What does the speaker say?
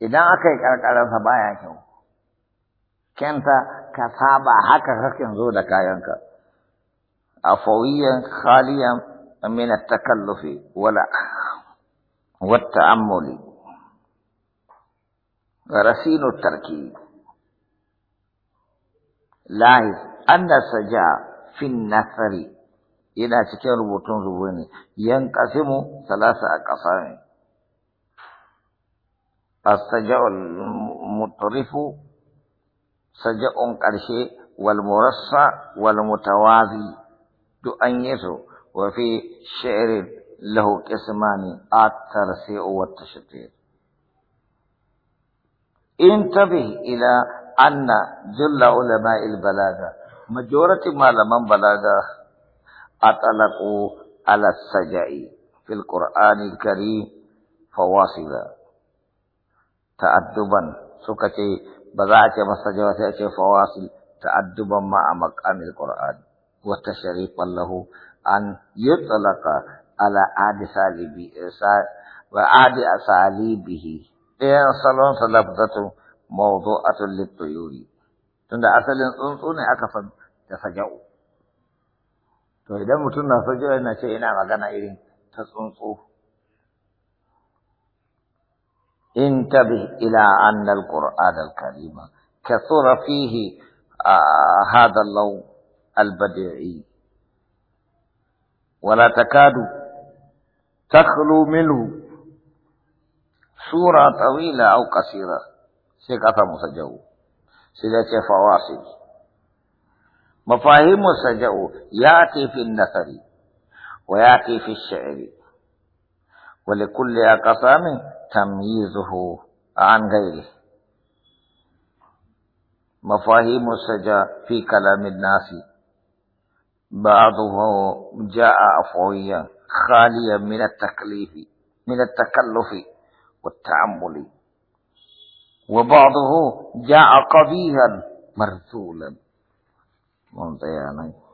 idan aka yi ƙarƙararsa baya kyau kenta ka saba haka kakin zo da kayanka afawiyan khaliyan min takallufi wala والتأمل رسين التركيب لاحظ أن السجاء في النثر إلى سكين ربطون ربوني ينقسم ثلاثة أقسام السجع المطرف سجع قرشي والمرصع والمتوازي تؤنيسه وفي شعر له قسمان الترسيع والتشتيت انتبه إلى أن جل علماء البلاغة مجورة ما لمن بلاغة أطلقوا على السجع في القرآن الكريم فواصلا تأدبا سكتي بذاك مسجدك فواصل تأدبا مع مقام القرآن وتشريفا له أن يطلق على عاد سالبي وعاد أساليبه إيه صلون سلبدة موضوعة للطيور تند أصل أنصون أكفا تسجعوا تو إذا متنا سجعنا شيئنا مغانا إيرين تسنصوه انتبه إلى أن القرآن الكريم كثر فيه آه هذا اللون البديعي ولا تكاد تخلو منه سورة طويلة أو قصيرة سيكاثا مسجو سيدة فواصل مفاهيم السجو يأتي في النثر ويأتي في الشعر ولكل أقسام تمييزه عن غيره مفاهيم السجا في كلام الناس بعضه جاء عفويا خاليا من التكليف من التكلف والتعمل وبعضه جاء قبيها مرسولا منطيانا يعني.